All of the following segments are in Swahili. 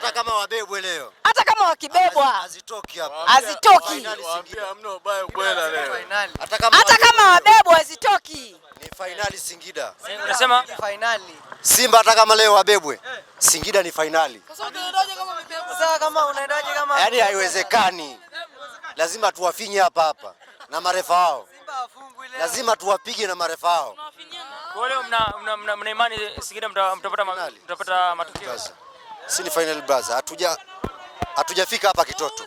hata kama wabebwe leo, hata kama wakibebwa hazitoki azitoki, hata kama wabebwa hazitoki, Ni finali Singida. Unasema finali Simba hata kama leo wabebwe Singida ni finali. Sasa kama unaendaje kama, Yaani haiwezekani, lazima tuwafinye hapa hapa na marefa wao lazima tuwapige na marefa hao. Kwa leo mna mna imani Singida mtapata matokeo si ni final brother, hatuja hatujafika hapa kitoto,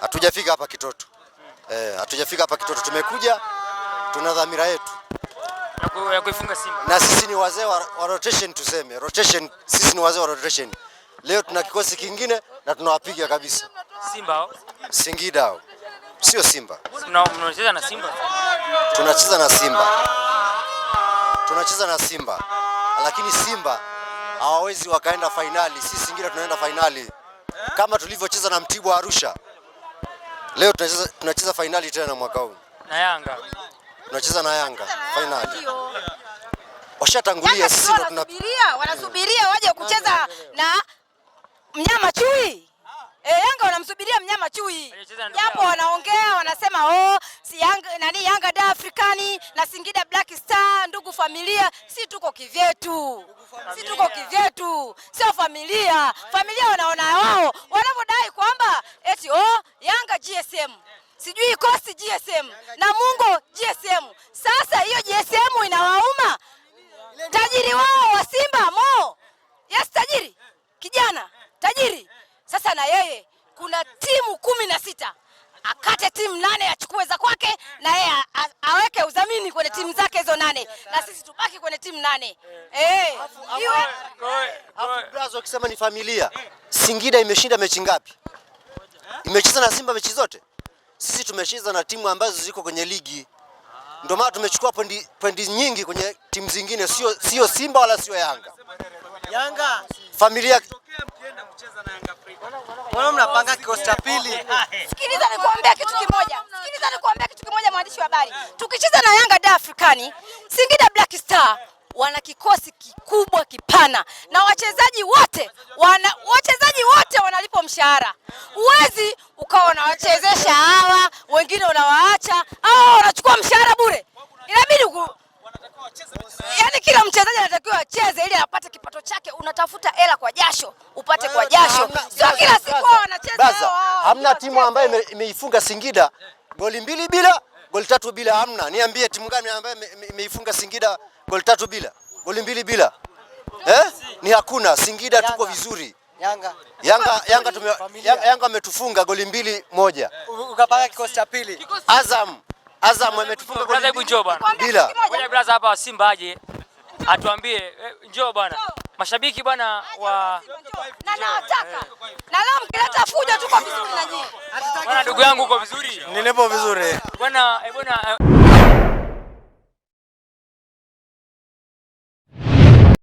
hatujafika hapa kitoto eh, hatujafika hapa kitoto. Tumekuja, tuna dhamira yetu ya kuifunga Simba na sisi ni wazee wa, wa rotation, tuseme rotation. Sisi ni wazee wa rotation. Leo tuna kikosi kingine na tunawapiga kabisa Simba, au Singida au sio Simba. Tunacheza na Simba, tunacheza na Simba, tunacheza na Simba, lakini Simba hawawezi wakaenda fainali. Sisi Singida tunaenda fainali kama tulivyocheza na Mtibwa Arusha. Leo tunacheza, tunacheza fainali tena mwaka huu na Yanga, tunacheza na Yanga fainali. Washatangulia, sisi ndo tunasubiria, wanasubiria waje kucheza na mnyama chui. E, Yanga wanamsubiria mnyama chui, japo wanaongea wanasema oh, si Yanga nani, Yanga da Afrikani na Singida Black Star familia, si tuko kivyetu, si tuko kivyetu, sio familia. Familia wanaona wao wanavyodai kwamba eti oh, Yanga GSM sijui kosi GSM na Mungo GSM. Sasa hiyo GSM inawauma tajiri wao wa Simba Mo, yes, tajiri kijana tajiri. Sasa na yeye kuna timu kumi na sita akate timu nane achukue za kwake na yeye arudi kwenye timu zake hizo nane na sisi tubaki kwenye timu nane. Eh. Brazo akisema ni familia. Singida imeshinda mechi ngapi? Imecheza na Simba mechi zote. Sisi tumecheza na timu ambazo ziko kwenye ligi, ndio maana tumechukua pointi, pointi nyingi kwenye timu zingine, sio sio Simba wala sio Yanga. Yanga familia, mnapanga kikosi cha pili? tukicheza na Yanga da Afrikani, Singida Black Star wana kikosi kikubwa kipana na wachezaji wote wana, wachezaji wote wanalipo mshahara. Huwezi ukawa unawachezesha hawa wengine unawaacha hawa wanachukua mshahara bure, inabidi ku... yani kila mchezaji anatakiwa acheze ili apate kipato chake. Unatafuta hela kwa jasho upate kwa eh, jasho, sio kila siku wanacheza. Hamna timu ambayo imeifunga Singida goli mbili bila goli tatu bila amna. Niambie timu gani ambayo imeifunga Singida goli tatu bila, goli mbili bila eh? Ni hakuna. Singida tuko vizuri. Yanga Yanga Yanga tume, Yanga ametufunga goli mbili moja. Ukapanga kikosi cha pili. Azam Azam ametufunga goli bila. Ngoja brother hapa Simba aje atuambie eh, njoo bwana mashabiki bwana wa na nataka na leo mkileta fujo tuko vizuri na nyinyi. Bwana ndugu yangu uko vizuri? Nilipo vizuri. Bwana eh, bwana eh.